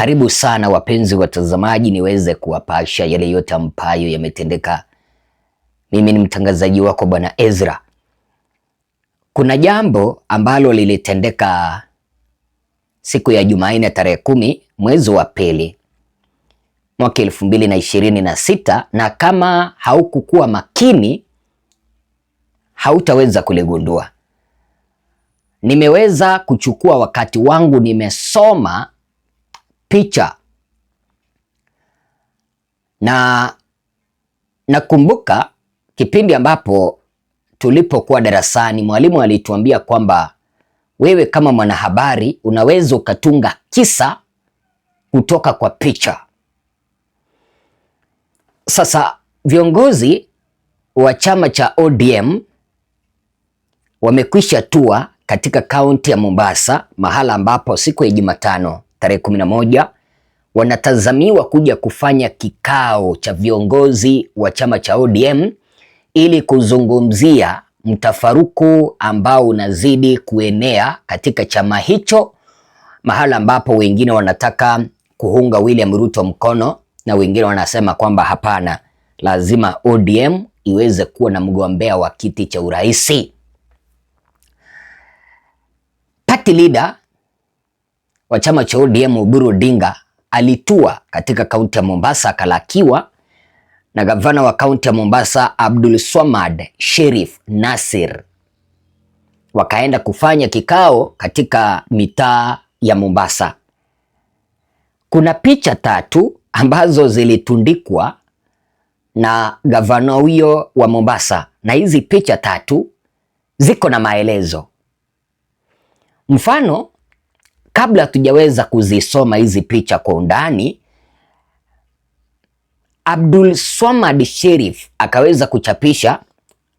Karibu sana wapenzi watazamaji, niweze kuwapasha yale yote ambayo yametendeka. Mimi ni mtangazaji wako Bwana Ezra. Kuna jambo ambalo lilitendeka siku ya Jumanne tarehe kumi mwezi wa pili mwaka elfu mbili na ishirini na sita na kama haukukuwa makini hautaweza kuligundua. Nimeweza kuchukua wakati wangu, nimesoma picha na nakumbuka kipindi ambapo tulipokuwa darasani, mwalimu alituambia kwamba wewe kama mwanahabari unaweza ukatunga kisa kutoka kwa picha. Sasa viongozi wa chama cha ODM wamekwisha tua katika kaunti ya Mombasa, mahala ambapo siku ya Jumatano tarehe kumi na moja wanatazamiwa kuja kufanya kikao cha viongozi wa chama cha ODM ili kuzungumzia mtafaruku ambao unazidi kuenea katika chama hicho, mahala ambapo wengine wanataka kuunga William Ruto mkono na wengine wanasema kwamba hapana, lazima ODM iweze kuwa na mgombea wa kiti cha uraisi. Party leader wa chama cha ODM Oburu Odinga alitua katika kaunti ya Mombasa akalakiwa na gavana wa kaunti ya Mombasa Abdul Swamad Sherif Nasir. Wakaenda kufanya kikao katika mitaa ya Mombasa. Kuna picha tatu ambazo zilitundikwa na gavana huyo wa Mombasa, na hizi picha tatu ziko na maelezo. Mfano, kabla hatujaweza kuzisoma hizi picha kwa undani, Abdul Swamad Sherif akaweza kuchapisha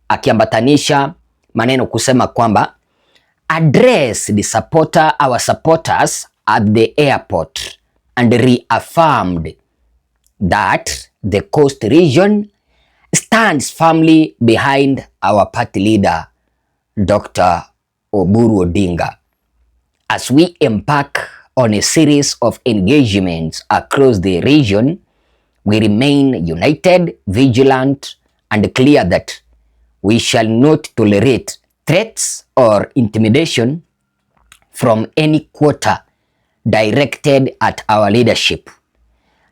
akiambatanisha maneno kusema kwamba address the supporter our supporters at the airport and reaffirmed that the coast region stands firmly behind our party leader Dr. Oburu Odinga as we embark on a series of engagements across the region, we remain united, vigilant, and clear that we shall not tolerate threats or intimidation from any quarter directed at our leadership.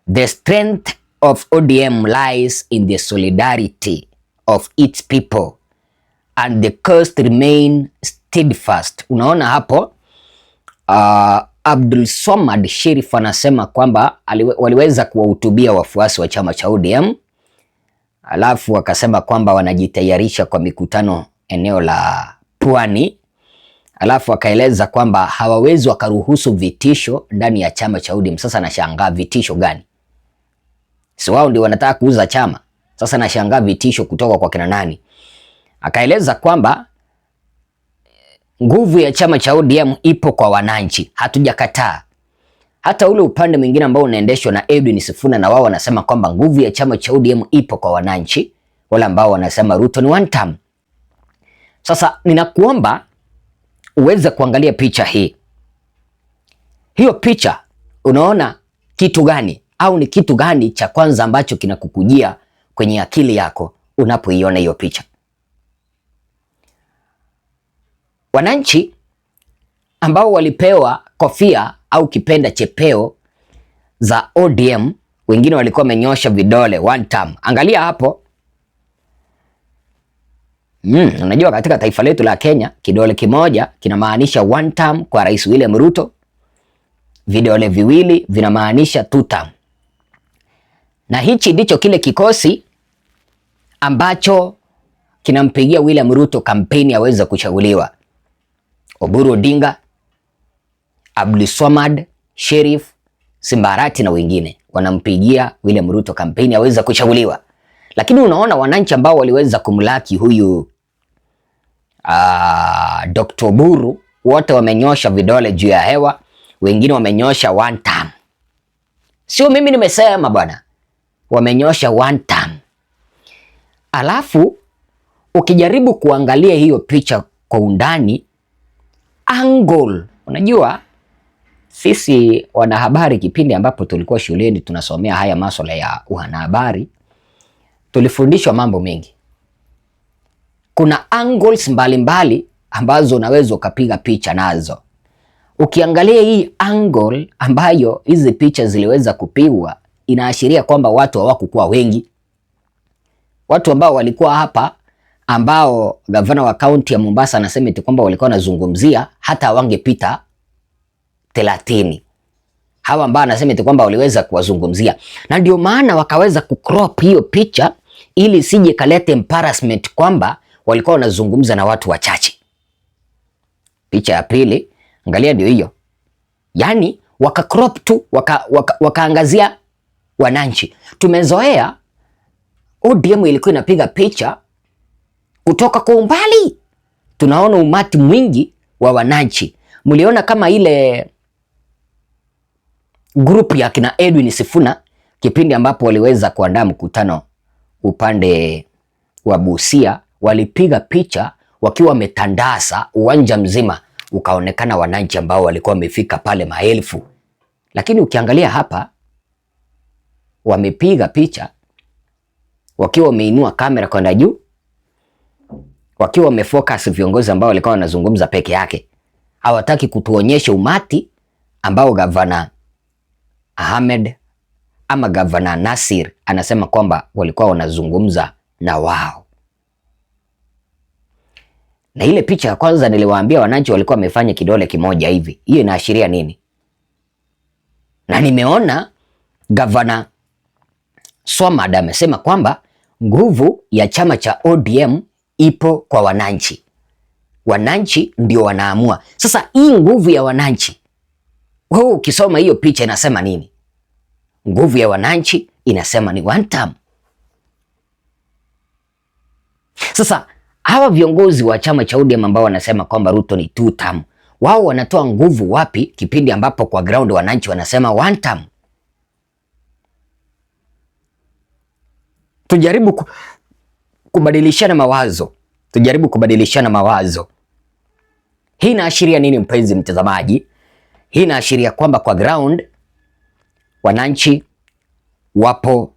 The strength of ODM lies in the solidarity of its people and the coast remain steadfast. Unaona hapo uh, Abdul Somad Sherif anasema kwamba waliweza kuwahutubia wafuasi wa chama cha ODM, alafu wakasema kwamba wanajitayarisha kwa mikutano eneo la Pwani, alafu akaeleza kwamba hawawezi wakaruhusu vitisho ndani ya chama cha ODM. Sasa nashangaa vitisho gani? Si wao ndio wanataka kuuza chama? Sasa nashangaa vitisho kutoka kwa kina nani? Akaeleza kwamba nguvu ya chama cha ODM ipo kwa wananchi, hatujakataa. Hata ule upande mwingine ambao unaendeshwa na Edwin Sifuna na wao wanasema kwamba nguvu ya chama cha ODM ipo kwa wananchi, wala ambao wanasema Ruto ni one term. Sasa ninakuomba uweze kuangalia picha hii. Hiyo picha unaona kitu gani au ni kitu gani cha kwanza ambacho kinakukujia kwenye akili yako unapoiona hiyo picha? Wananchi ambao walipewa kofia au kipenda chepeo za ODM, wengine walikuwa wamenyosha vidole one time. Angalia hapo. Mm, unajua katika taifa letu la Kenya kidole kimoja kinamaanisha one time kwa Rais William Ruto, vidole viwili vinamaanisha two time. Na hichi ndicho kile kikosi ambacho kinampigia William Ruto kampeni aweze kuchaguliwa. Oburu Odinga, Abdulswamad Sherif, Simbarati na wengine wanampigia William Ruto kampeni aweza kuchaguliwa, lakini unaona wananchi ambao waliweza kumlaki huyu uh, ah, Dr. Oburu wote wamenyosha vidole juu ya hewa, wengine wamenyosha one time. Sio mimi nimesema bwana, wamenyosha one time. Alafu ukijaribu kuangalia hiyo picha kwa undani angle. Unajua sisi wanahabari, kipindi ambapo tulikuwa shuleni tunasomea haya masuala ya wanahabari, tulifundishwa mambo mengi. Kuna angles mbalimbali mbali ambazo unaweza ukapiga picha nazo. Ukiangalia hii angle ambayo hizi picha ziliweza kupigwa, inaashiria kwamba watu hawakukuwa wengi. Watu ambao walikuwa hapa ambao gavana wa kaunti ya Mombasa anasema eti kwamba walikuwa wanazungumzia hata wangepita 30 hawa ambao anasema eti kwamba waliweza kuwazungumzia, na ndio maana wakaweza kucrop hiyo picha ili sije kalete embarrassment kwamba walikuwa wanazungumza na watu wachache. Picha ya pili, angalia, ndio hiyo yani, waka crop tu waka, waka, wakaangazia wananchi. Tumezoea ODM ilikuwa inapiga picha kutoka kwa umbali tunaona umati mwingi wa wananchi. Mliona kama ile grupu ya kina Edwin Sifuna kipindi ambapo waliweza kuandaa mkutano upande wa Busia, walipiga picha wakiwa wametandaza uwanja mzima, ukaonekana wananchi ambao walikuwa wamefika pale maelfu. Lakini ukiangalia hapa, wamepiga picha wakiwa wameinua kamera kwenda juu wakiwa wamefocus viongozi ambao walikuwa wanazungumza peke yake. Hawataki kutuonyesha umati ambao gavana Ahmed ama gavana Nasir anasema kwamba walikuwa wanazungumza na wao. Na ile picha ya kwanza niliwaambia wananchi walikuwa wamefanya kidole kimoja hivi, hiyo inaashiria nini? Na nimeona gavana Swamad amesema kwamba nguvu ya chama cha ODM ipo kwa wananchi. Wananchi ndio wanaamua. Sasa hii nguvu ya wananchi, wewe ukisoma hiyo picha inasema nini? Nguvu ya wananchi inasema ni one term. Sasa hawa viongozi wa chama cha ODM ambao wanasema kwamba Ruto ni two term, wao wanatoa nguvu wapi kipindi ambapo kwa ground wananchi wanasema one term? Tujaribu ku, kubadilishana mawazo, tujaribu kubadilishana mawazo. Hii inaashiria nini, mpenzi mtazamaji? Hii inaashiria kwamba kwa ground wananchi wapo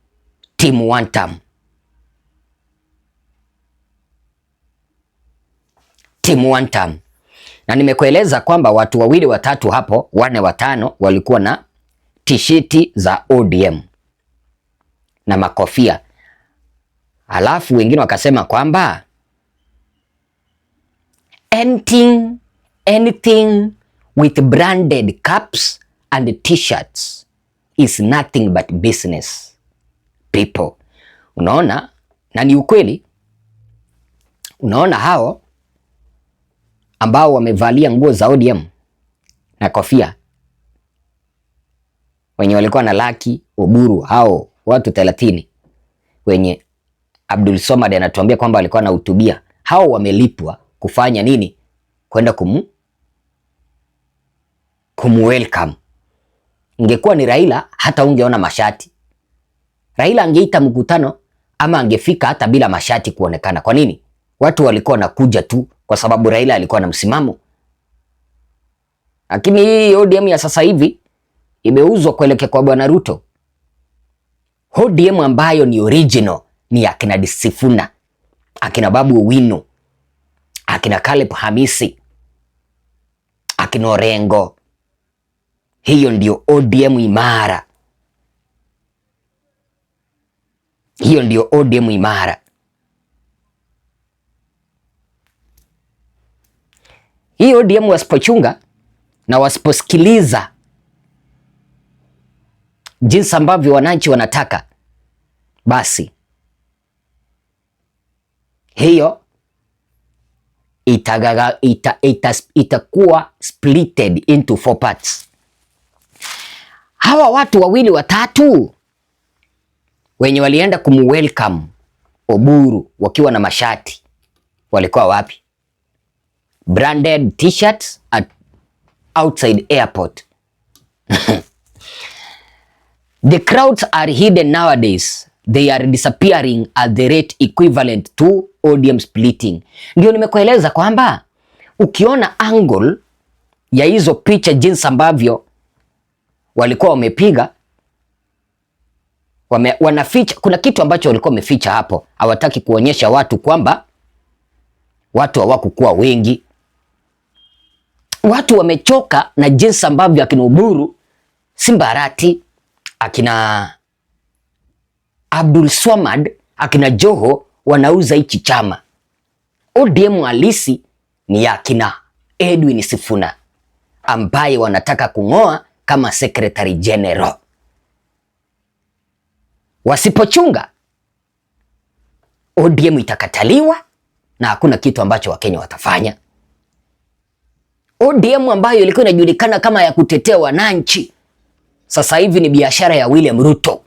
timu wantam, timu wantam, na nimekueleza kwamba watu wawili watatu hapo wane watano walikuwa na tishiti za ODM na makofia Alafu wengine wakasema kwamba anything, anything with branded caps and t-shirts is nothing but business people. Unaona, na ni ukweli. Unaona hao ambao wamevalia nguo za ODM na kofia wenye walikuwa na laki Oburu, hao watu 30 wenye Abdul Somad anatuambia kwamba alikuwa anahutubia. Hao wamelipwa kufanya nini? Kwenda kum kum welcome. Ingekuwa ni Raila hata ungeona mashati. Raila angeita mkutano ama angefika hata bila mashati kuonekana. Kwa nini? Watu walikuwa nakuja tu kwa sababu Raila alikuwa na msimamo. Lakini hii ODM ya sasa hivi imeuzwa kuelekea kwa Bwana Ruto. ODM ambayo ni original ni akina Disifuna, akina Babu Wino, akina Caleb Hamisi, akina Orengo. Hiyo ndio ODM imara, hiyo ndio ODM imara. Hii ODM wasipochunga na wasiposikiliza jinsi ambavyo wananchi wanataka, basi hiyo itagaga, ita, ita, itakuwa splitted into four parts. Hawa watu wawili watatu wenye walienda kumwelcome Oburu wakiwa na mashati walikuwa wapi? Branded t-shirts at outside airport. The crowds are hidden nowadays they are disappearing at the rate equivalent to odium splitting. Ndio nimekueleza kwamba ukiona angle ya hizo picha jinsi ambavyo walikuwa wamepiga wame, wanaficha kuna kitu ambacho walikuwa wameficha hapo, hawataki kuonyesha watu kwamba watu hawakukuwa wengi. Watu wamechoka na jinsi ambavyo akina Uburu Simbarati akina Abdul Swamad akina Joho wanauza hichi chama. ODM halisi ni ya akina Edwin Sifuna ambaye wanataka kung'oa kama secretary general. Wasipochunga ODM itakataliwa na hakuna kitu ambacho Wakenya watafanya. ODM ambayo ilikuwa inajulikana kama ya kutetea wananchi, sasa hivi ni biashara ya William Ruto.